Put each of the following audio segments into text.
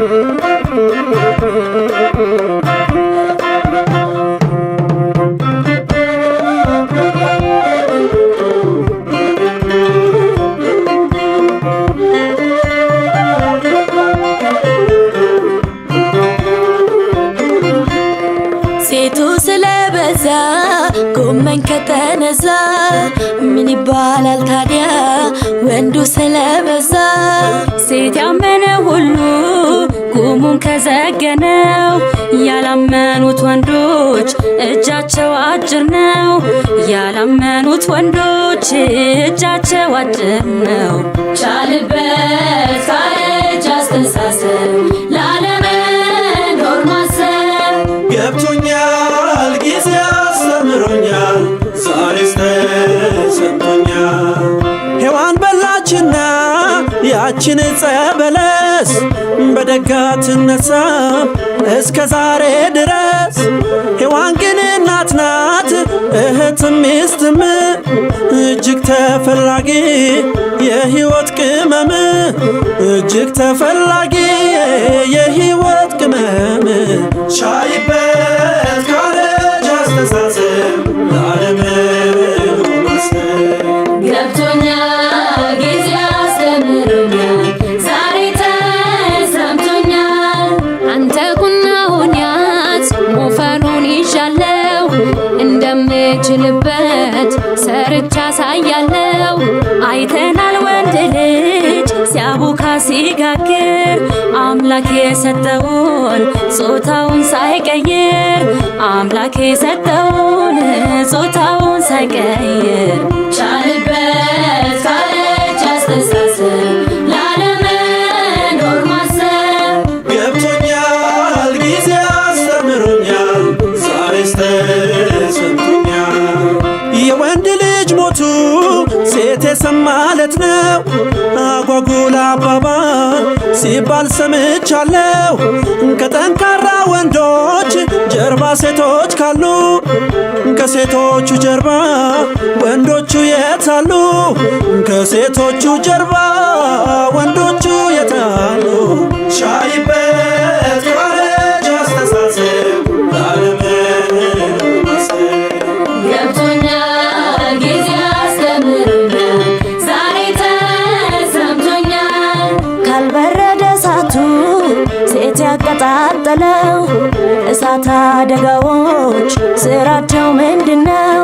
ሴቱ ስለበዛ ጎመን ከተነዛ ምን ይባላል ታዲያ ወንዱ ስለበዛ ሴት ያመነ ሁሉ ተዘገነው ያላመኑት ወንዶች እጃቸው አጭር ነው። ያላመኑት ወንዶች እጃቸው አጭር ነው። ቻልበት አስተሳሰብ ላለመኖር ማሰብ ገብቶኛል። ጊዜ አስተምሮኛል። ዛሬስ ሔዋን በላችና ያችን ጸበለ እስከትነሳ እስከ ዛሬ ድረስ ሔዋን ግን እናት ናት እህትም ሚስትም እጅግ ተፈላጊ የህይወት ቅመም እጅግ ተፈላጊ የህይወት ቅመም ሲጋግር አምላኬ የሰጠውን ጾታውን ሳይቀይር አምላኬ የሰጠውን ጾታውን ሳይቀይር ቻልበት ካለች አስተሳሰብ ላለመኖር ማሰብ ገብቶኛል። ጊዜ አስተምሮኛል። ተሰጥቶኛል። የወንድ ልጅ ሞቱ ሴት የሰማለት ነው ሲባል ሰምቻለሁ ከጠንካራ ወንዶች ጀርባ ሴቶች ካሉ ከሴቶቹ ጀርባ ወንዶቹ የት አሉ? ከሴቶቹ ጀርባ ወንዶ አደጋዎች ስራቸው ምንድን ነው?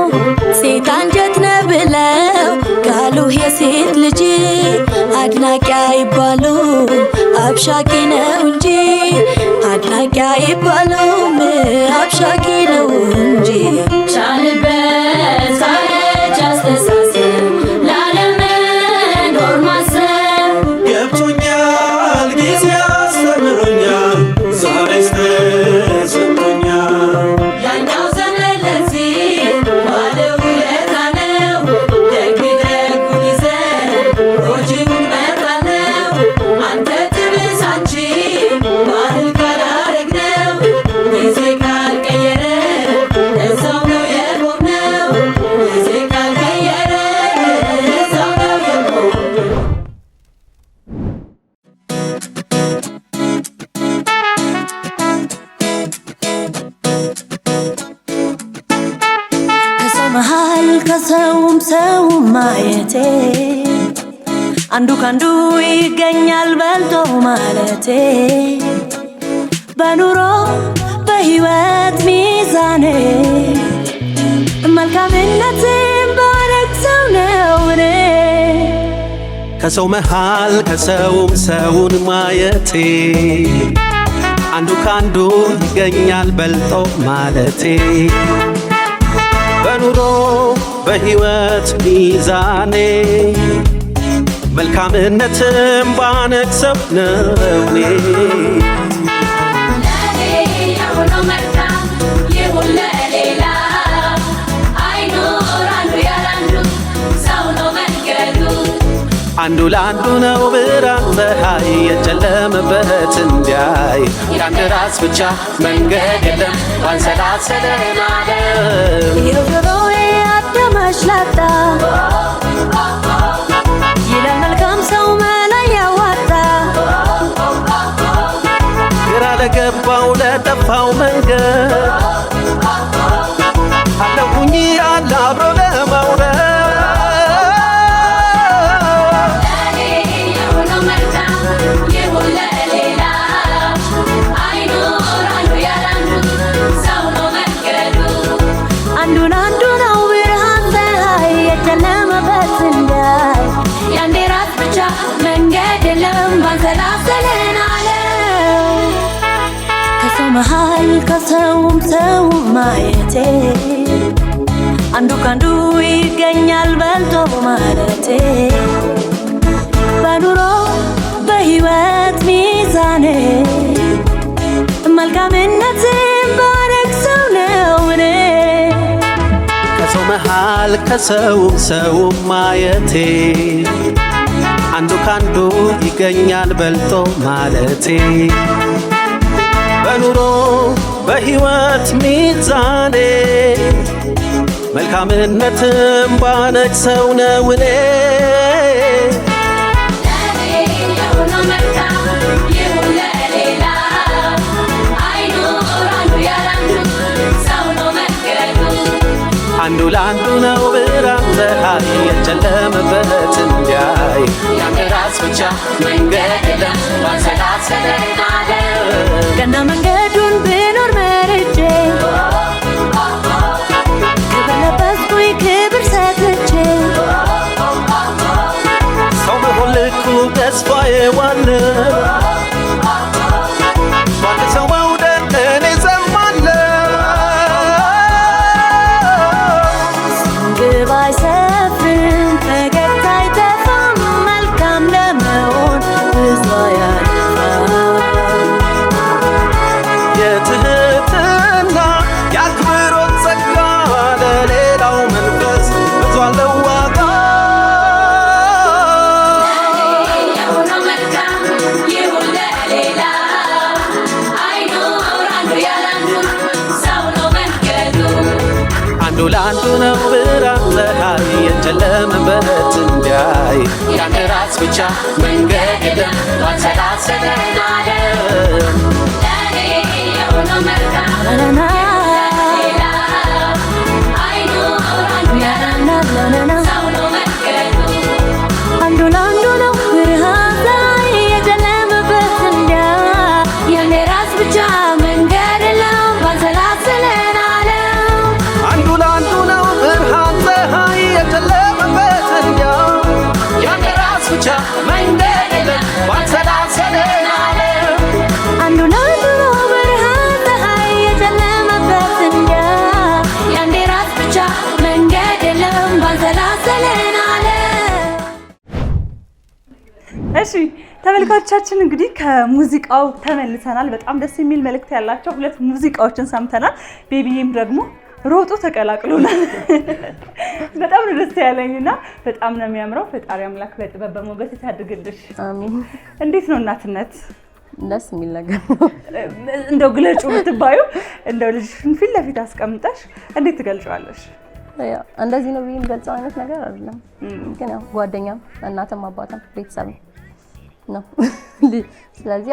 ሴት አንጀት ነው ብለው ካሉ የሴት ልጅ አድናቂ አይባሉ አብሻቂ ነው እንጂ አድናቂ አይባሉም አብሻቂ ነው እንጂ ማየቴ አንዱ ካንዱ ይገኛል በልጦ ማለቴ በኑሮ በህይወት ሚዛኔ መልካምነትም ባረግ ሰው ከሰው መሃል ከሰውም ሰውን ማየቴ አንዱ ካንዱ ይገኛል በልጦ ማለቴ በኑሮ በሕይወት ሚዛኔ መልካምነትም ባነግሰው ነውኔ አንዱ ለአንዱ ነው ብርሃን ፀሐይ የጨለመበት እንዲያይ የአንድ ራስ ብቻ መንገድ የለም አንሰላሰለን አለም ላጣ ይላል መልካም ሰው መላ ያዋጣ ግራ ለገባው ለጠፋው መንገድ አለሁኝ አለ አብሮ መሃል ከሰውም ሰውም ማየቴ አንዱ ካንዱ ይገኛል በልቶ ማለቴ በኑሮ በህይወት ሚዛኔ መልካምነት ባረግ ሰው ነው ከሰው መሃል ከሰውም ሰውም ማየቴ አንዱ ካንዱ ይገኛል በልጦ ማለቴ ህይወት ሚዛኔ መልካምነትም ባነች ሰው ነው እኔ አንዱ ለአንዱ ነው ብርሃን ፀሐይ የጨለመበት እንዲያይ ያንተ ራስ ብቻ መንገድ የለም ማንሰላሰለን መንገዱን ብኖር አንዱ ለአንዱ ነው ብርሃን ፀሐይ የጨለመበት እንዲያይ ያንተ ራስ ብቻ መንገድ የለም ማንሰላሰለን እሺ ተመልካቾቻችን እንግዲህ ከሙዚቃው ተመልሰናል። በጣም ደስ የሚል መልእክት ያላቸው ሁለት ሙዚቃዎችን ሰምተናል። ቤቢዬም ደግሞ ሮጦ ተቀላቅሎናል። በጣም ነው ደስ ያለኝ እና በጣም ነው የሚያምረው። ፈጣሪ አምላክ በጥበብ በሞገስ ያድርግልሽ። እንዴት ነው እናትነት? ደስ የሚል ነገር ነው። እንደው ግለጩ ብትባዩ እንደው ልጅሽን ፊት ለፊት አስቀምጠሽ እንዴት ትገልጫዋለሽ? እንደዚህ ነው ብዬ የምገልጸው አይነት ነገር አይደለም፣ ግን ያው ጓደኛም፣ እናትም፣ አባትም ቤተሰብም ነው። ስለዚህ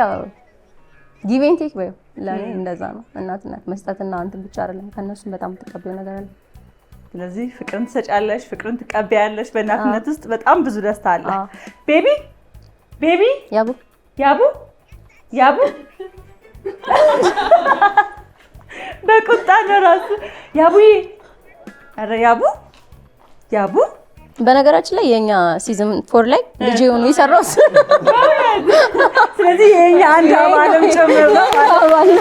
ጊቭ ኤንድ ቴክ በይው ለእኔ እንደዛ ነው። እናትነት መስጠትና አንተ ብቻ አይደለም፣ ከእነሱም በጣም የምትቀበይው ነገር አለ። ስለዚህ ፍቅርን ትሰጫለሽ፣ ፍቅርን ትቀበያለሽ። በእናትነት ውስጥ በጣም ብዙ ደስታ አለ። ቤቢ ቤቢ፣ ያቡ ያቡ ያቡ፣ በቁጣ ነው ራሱ ያቡ፣ ኧረ ያቡ ያቡ በነገራችን ላይ የኛ ሲዝን ፎር ላይ ልጅ የሆኑ ይሰራው። ስለዚህ የኛ አንድ አባልም ጭምር ነው።